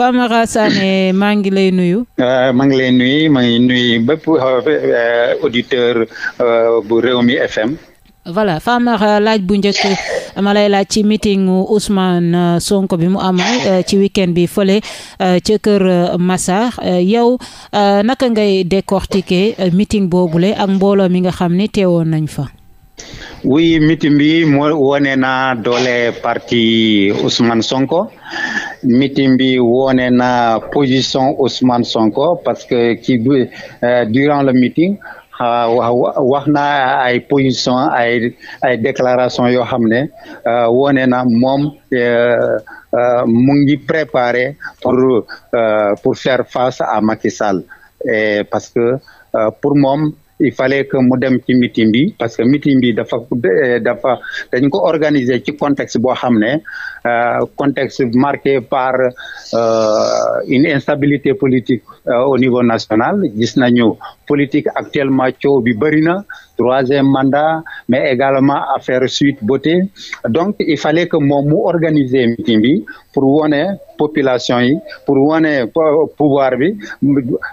Famara Sané euh, maa ngi lay nuyu. maa ngi lay nuyu maa nuyu bépp euh, euh, auditeur bu Rewmi FM. voilà Famara laaj bu njëkk ma lay laaj ci meeting Ousmane Sonko bi mu amal ci week bi fële ca kër Massar yow naka ngay décortiquer meeting boobule ak mbooloo mi nga xam ni teewoon nañ fa. oui meeting bi moo wone na doole parti usman Sonko. meeting bi woone na position Ousmane Sonko parce que ki euh, durant le meeting wax na ay position ay ay déclaration yoo xam ne euh, woone na moom euh, mu ngi préparé pour pour faire face à Macky et parce que pour moom il fallait que mu dem ci meeting bi parce que meeting bi dafa eh, dafa dañ ko organiser ci contexte boo xam ne euh, contexte marqué par euh, une instabilité politique euh, au niveau national gis nañu politique actuellement coow bi bëri na troisième mandat mais également affaire Sweet Beauté donc il fallait que moom mu organiser meeting bi pour wone population yi pour wone pouvoir bi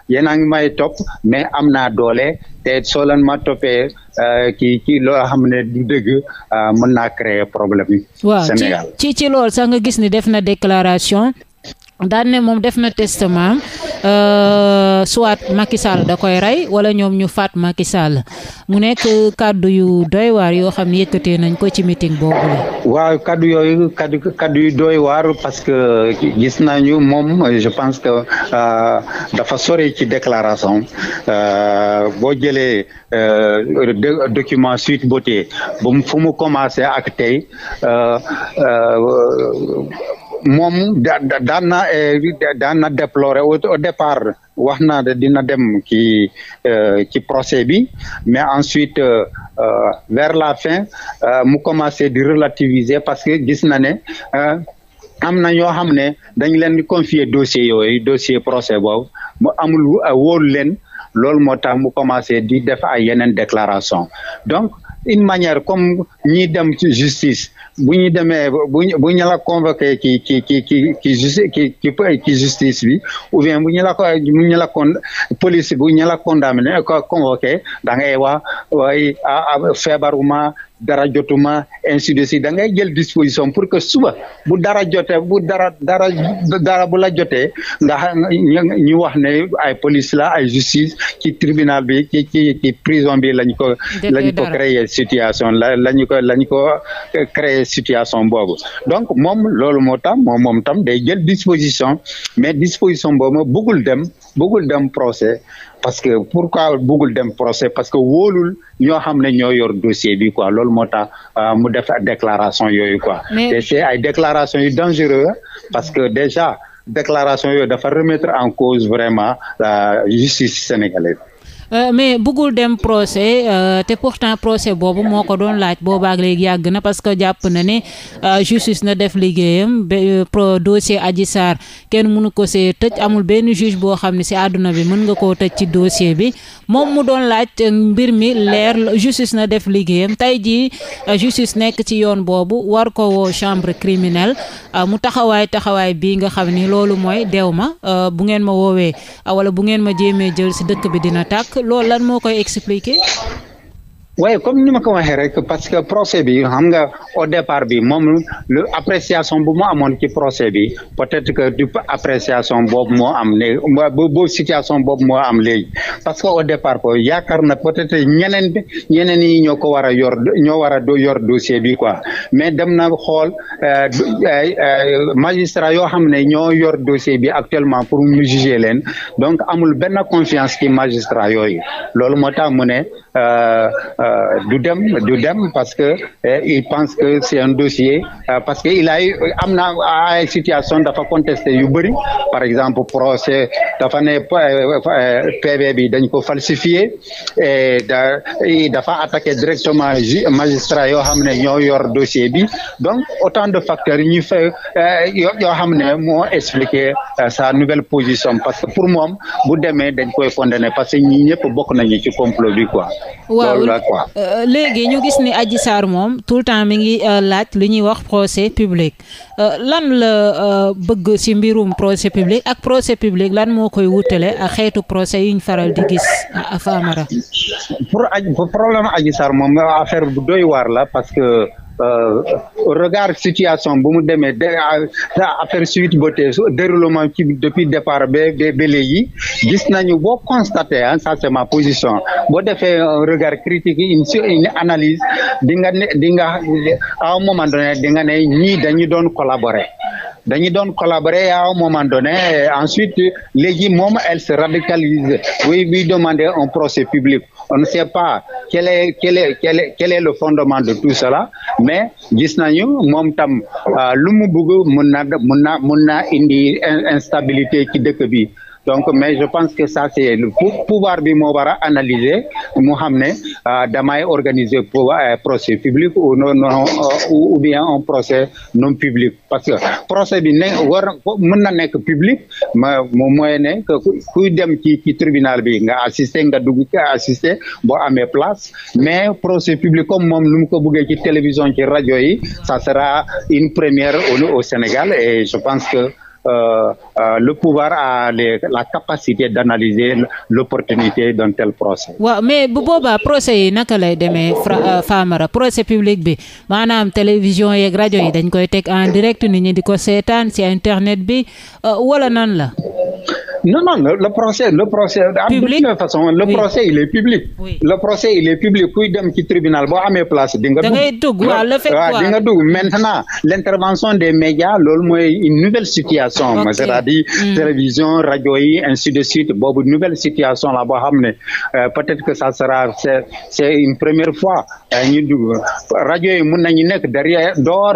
yéen a ngi may topp mais am naa doole te soo leen ma toppee euh, kii kii loo xam ne du dëgg euh, mën naa créer problème yi. Sénégal ci ci loolu sax nga gis ni def déclaration. daan moom def na testament euh, soit Macky Sall da koy rey wala ñoom ñu faat Macky mu nekk kàddu yu doy waar yoo xam ne yëkkatee nañ ko ci meeting boobu la. waaw kàddu yooyu kàddu kàddu yu doy waar parce que gis nañu moom je pense que euh, dafa sori ci déclaration euh, boo jëlee euh, document Sweet Beauté ba fu mu commencé ak tey. Euh, euh, moom da daan na eh, daan na déplorer au départ wax na dina dem ci euh, ci procès bi mais ensuite euh, euh, vers la fin mu commencé di relativiser parce que gis na ne am na ñoo xam ne dañ leen di confier dossier yooyu dossier procès boobu mu amul wóolu leen loolu moo tax mu commencé di def ay yeneen déclaration donc une manière comme ñi dem justice bu ñu demee bu ñu bu ñu la convoqué ci ki ci ci ci ci ci justice bi ou bien bu ñu la bu ñu la con police bu ñu la condamné convoqué da ngay wa waaye ah, ah, feebaruma dara jotuma ainsi de suite da ngay jël disposition pour que suba bu dara jote bu dara dara dara bu la jotee nga xam ñu wax ne ay police la ay justice ci tribunal bi ci ci ci prison bi lañ ko lañ ko créer situation la lañu ko lañ ko euh, créer situation boobu donc moom loolu moo tax moom moom tam day jël disposition mais disposition boobu bëggul dem bëggul dem procès parce que pourquoi buggul dem procès parce que wóolul ñoo xam ne ñoo yor dossier bi quoi loolu moo tax euh, mu def déclaration yooyu quoi te c'est ay déclaration yu dangereux parce que déjà déclaration yooyu dafa remettre en cause vraiment la justice sénégalaise Euh, mais bëggul dem procès euh, te pourtant procès boobu moo ko doon laaj boobaak léegi yàgg na parce que jàpp na ne euh, justice na def liggéeyam pro dossier Adji Sarr kenn mënu ko se tëj amul benn juge boo xam ne si àdduna bi mën nga koo tëj ci dossier bi moom mu doon laaj mbir mi leer justice na def liggéeyam tey jii justice nekk ci yoon boobu war ko woo chambre criminelle mu taxawaay taxawaay bii nga xam ni loolu mooy deew ma bu ngeen ma woowee wala bu ngeen ma jéemee jël si dëkk bi dina tàkk loolu lan moo koy expliquer waaye comme ni ma ko waxee rek parce que procès bi xam nga au départ bi moom appréciation bu mu amoon ci procès bi peut-être que du appréciation boobu moo am léegi boobu situation boobu moo am léegi parce que au départ ko yaakaar na peut-être ñeneen ñeneen yi ñoo ko war a yor ñoo war a yor dossier bi quoi mais dem na xool euh, euh, magistrat yoo xam ne ñoo yor dossier bi actuellement pour mu juger leen donc amul benn confiance ci magistrat yooyu loolu moo tax Euh, du dem du dem parce que euh, il pense que c'est un dossier euh, parce que il a am na ay situation dafa contesté yu bëri par exemple procès dafa ne PV bi dañ ko falsifié et dafa attaqué directement magistrat yoo xam ne ñoo yor dossier bi donc autant de facteurs ñu fa yoo xam ne moo expliqué sa nouvelle position parce que pour moom bu demee dañ koy condamné parce que ñi ñëpp bokk nañu ci complot bi quoi. quoi. Euh, léegi ñu gis ni Adji Sarr moom tout le temps mi ngi euh, laaj li ñuy wax procès public euh, lan la bëgg ci mbirum procès public ak procès public lan moo koy wutale ak xeetu procès yi ñu faral di gis Famara. pour problème Adji Sarr moom affaire bu doy waar la parce que. Euh, regard situation bu mu demee de affaire suite ba tey déroulement ci depuis départ ba ba léegi gis nañu boo constaté ah ça position boo defee un regard critique une une analyse di nga ne di nga à un moment donné di nga ne ñii dañu doon collaborer dañu doon collaborer à un moment donné ensuite léegi moom elle se radicalise oui buy demander un procès public on ne sait pas quel est quel est le fondement de tout cela mais gis nañu moom tam euh, lu mu bëgg mën na mën na mën na indi instabilité ci dëkk bi donc mais je pense que ça c'est le pouvoir bi moo war a analyser mu xam ne euh, damay organiser euh, procès public ou non non euh, ou bien un procès non public parce que procès bi ne war mën na nekk public ma mooy ne que kuy dem ci ci tribunal bi nga assister nga dug assister boo amee place mais procès public comme moom nu mu ko bëggee ci télévision ci rajo yi ça sera une première au Sénégal et je pense que Euh, euh, le pouvoir a les, la capacité d'analyser l'opportunité d'un tel procès. wa mais bu boobaa procès yi naka lay demee euh, Famara procès public bi maanaam télévision yeeg rajo yi dañ koy teg en direct nit ñi di ko seetaan ci internet bi wala nan la. Non, non, le, le procès, le procès, public? de toute façon, le oui. procès, il est public. Le procès, il est public. kuy dem ci tribunal boo amee place di nga. da waaw le fait quoi di nga dugg maintenant l'intervention des médias loolu mooy une nouvelle situation. ok c'est-à-dire hmm. télévision rajo yi ainsi de suite boobu nouvelle situation la boo xam ne Euh, peut-être que ça sera c'est une première fois euh, ñu dugg rajo yi mun nañu nekk derrière door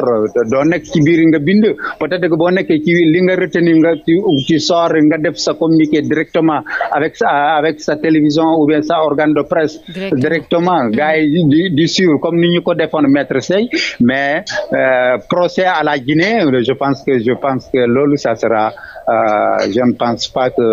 doo nekk ci biir nga bind peut-être que boo nekkee ci li nga retenir nga ci ci sor nga def sa communiqué directement avec sa avec sa télévision ou bien sa organe de presse directement gars yi di di suivre comme ni ñu ko defoon maître Sey mais euh, procès à la Guinée je pense que je pense que loolu ça sera je ne pense pas que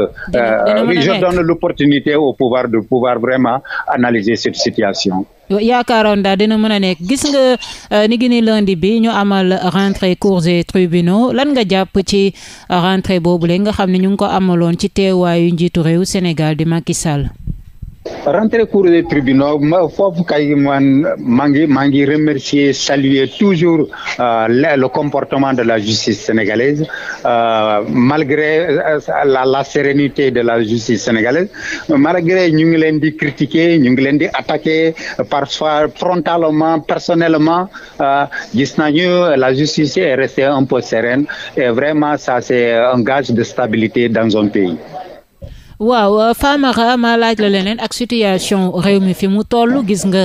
je donne l'opportunité au pouvoir de pouvoir vraiment analyser cette situation. yaakaaroon daal dina mën nekk gis nga euh, ni gi ni bi ñu amal rentrée cours et tribunaux lan nga jàpp ci euh, rentrée boobu léegi nga xam ne ñu ngi ko amaloon ci teewaayu njiitu réew Sénégal di Macky Sall. rentre cour des tribunaux ma foofu kay man maa ngi maa ngi remercier saluer toujours euh, le, le comportement de la justice sénégalaise euh, malgré euh, la la sérénité de la justice sénégalaise malgré ñu ngi leen di critiquer ñu ngi leen di attaquer parfois frontalement personnellement euh, gis nañu la justice est restée un peu sereine et vraiment ça c'est un gage de stabilité dans un pays waaw euh, Famara ma laaj la leneen ak situation réew mi fi mu toll gis nga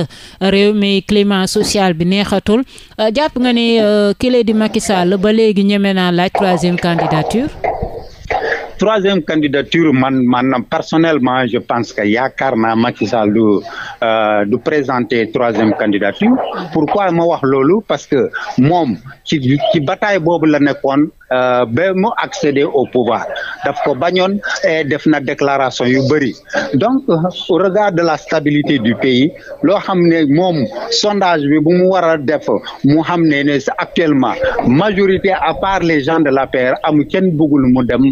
réew mi climat social bi neexatul euh, jàpp nga ni euh, kile di Macky Sall ba léegi ñeme naa laaj troisième candidature. troisième candidature man maanaam personnellement je pense que yaakaar makisal Macky Sall euh, du présenter troisième candidature pourquoi ma wax loolu parce que moom ci ci bataille boobu la nekkoon euh, ba mu accéder au pouvoir daf ko bañoon et def na déclaration yu bëri donc au regard de la stabilité du pays loo xam ne moom sondage bi bu mu war a def mu xam ne ne actuellement majorité à part les gens de l'APR amu kenn bëggul mu dem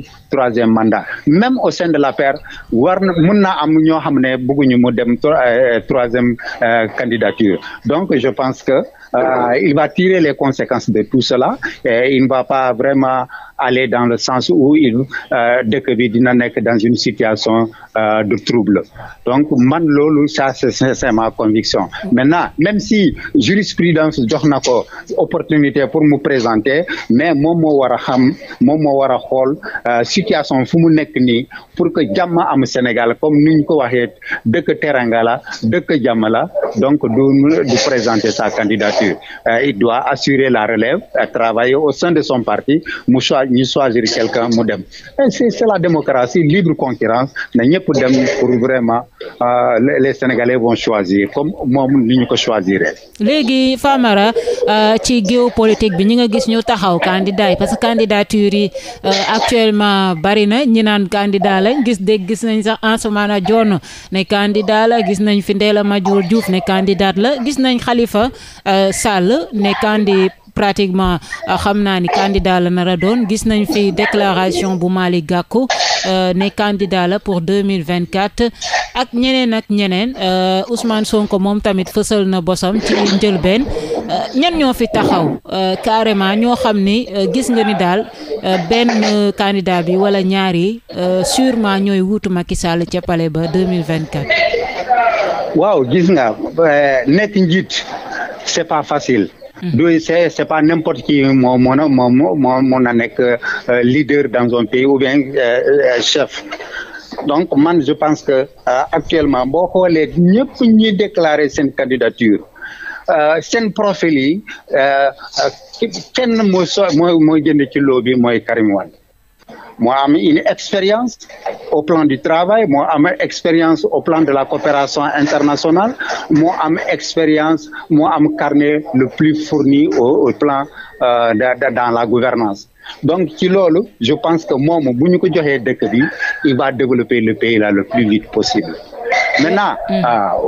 troisième mandat même au sein de l'APR war na mun naa am ñoo xam ne bëgguñu mu dem euh, troisième euh, candidature donc je pense que euh, il va tirer les conséquences de tout cela et il ne va pas vraiment aller dans le sens où il euh, dëkk bi dina nekk dans une situation euh, de trouble donc man loolu ça c'est ma conviction maintenant même si jurisprudence jox na ko opportunité pour mu présenter mais moom moo war a xam moom moo war a xool euh, situation fu mu nekk nii pour que jàmm am Sénégal comme ni ñu ko waxee dëkk teranga la dëkk jàmm la donc du du présenter sa candidature il doit assurer la relève travailler au sein de son parti mu choisir choix ñu choisir quelqu'un mu dem et c'est c'est la démocratie libre concurrence na ñëpp dem pour vraiment euh, les sénégalais vont choisir comme moom li ñu ko choisir léegi Famara euh, ci géopolitique bi ñi nga gis ñu taxaw candidat yi parce que candidature yi euh, actuellement bari na ñi naan candidat lañ gis dégg gis nañ sax Ansoumana Dione ne candidat la gis nañ fi Ndella Madior Diouf ne candidat la gis nañ Khalifa Sall ne candidat pratiquement euh, xam naa ni candidat la nar a doon gis nañ fi déclaration bu Malick gàkku euh, ne candidat la pour deux mille vingt quatre ak ñeneen ak ñeneen euh, Ousmane Sonko moom tamit fësal na bosam ci njëlbeen ñan ñoo fi taxaw carrément ñoo xam ni gis nga ni daal benn candidat bi wala ñaari yi sûrement ñooy wuutu Macky Sall ca palais ba deux mille vingt quatre. waaw gis nga nekk njiit c'est pas facile. du c'est c'est pas n'importe qui moo moo na moo moo mun a nekk euh, leader dans un pays ou bien euh, euh, chef donc man je pense que actuellement boo xoolee ñëpp ñuy déclarer seen candidature seen profil yi kenn moo so moo moo jënd ci loo bi mooy Karim moo am une expérience au plan du travail moo am expérience au plan de la coopération internationale moo am expérience moo am carnet le plus fourni au, au plan euh, de, de, dans la gouvernance donc ci loolu je pense que moo moom bu ñu ko joxee dëkk bi il va développer le pays là le plus vite possible Maintenant, mmh.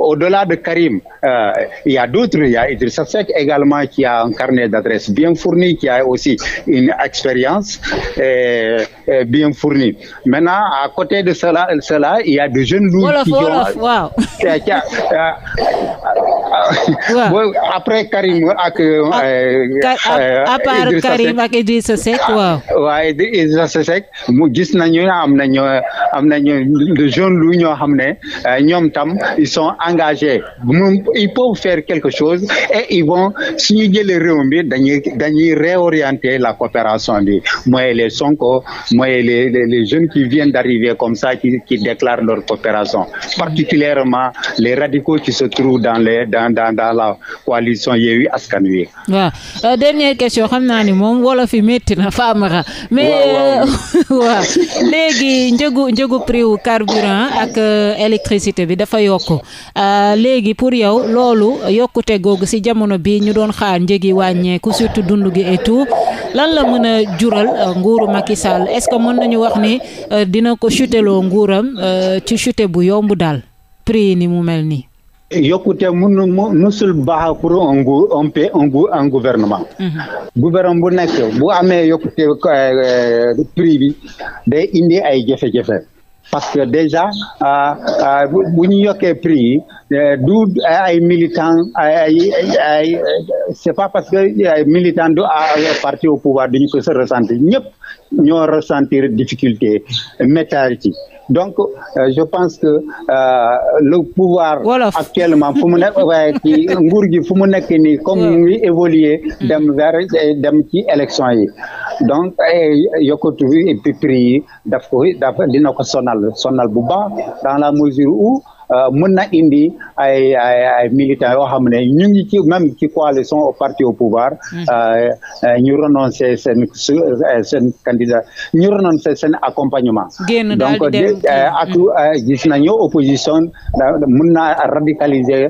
au-delà de Karim, euh, il y a d'autres. Il y a également qui a un carnet d'adresses bien fourni, qui a aussi une expérience euh, euh, bien fournie. Maintenant, à côté de cela, cela il y a jeunes loups Wolof, qui Wolof, ont... Wow. Qui a, waaw Karim ak. ak ah, à part Karim ak Idrissa Seck ah, waaw. waaw Idrissa Seck mu gis nañu am na am nañu lu jaune lu ñoo xam ne ñoom tam ils sont engagés moom ils peuvent faire quelque chose et ils vont su ñu jëlee mi dañuy dañuy la coopération bi mooy le Sonko mooy les les jeunes qui viennent d'arriver comme ça qui qui déclarent leur coopération particulièrement les radicaux qui se trouvent dans les dans dans dans la coalition Yewwi Askan Wi. waaw euh, dernière question xam naa ni moom wolof yi mais euh, waaw léegi njëgu carburant ak euh, électricité bi dafa yokk euh, léegi pour yow loolu yokkute googu ci jamono bi ñu doon xaar njëg yi wàññeeku surtout dund gi et tout lan la mën a jural euh, nguuru Macky Sall est-ce que mën nañu wax ni euh, dina ko chuteloo nguuram ci chute bu yomb daal prix yi ni mu mel nii. yokkute mun musul baax pour un gu un mhm. bu nekk bu amee yokkute prix bi day indi ay jafe-jafe parce que déjà euh, euh, bu ñu yokkee prix yi euh, du ay militants ay ay c'est pas parce que ay militants du e parti au pouvoir duñu ko se ressentir ñëpp ñoo ressentir difficulté métal ci donc je pense que le pouvoir actuellement fu mu nekk waaye ci nguur gi fu mu nekk nii comme mu évoluer dem vers dem ci élection yi donc yokkatu bi et puis prix yi daf ko daf dina ko sonal sonal bu baax dans la mesure où Euh, mën na indi ay ay ay militants yoo xam ne ñu ngi ci même ci coalition au parti au pouvoir. Mm-hmm. Euh, euh, ñu renoncer seen seen candidat ñu renoncer seen accompagnement. donc ak mm-hmm. gis nañu opposition mën na radicaliser.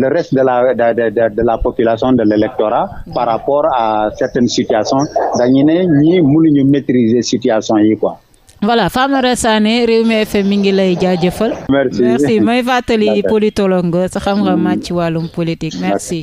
le reste de la de de de la population de l'électorat par mm-hmm. rapport à certaines situations dañu ne ñi mënuñu maitriser situation yi quoi. voilà Famara Sané Rewmi FM mi ngi lay jaajëfal. merci merci may fàttali politologue sa xam-xam màcc ci wàllum politique merci.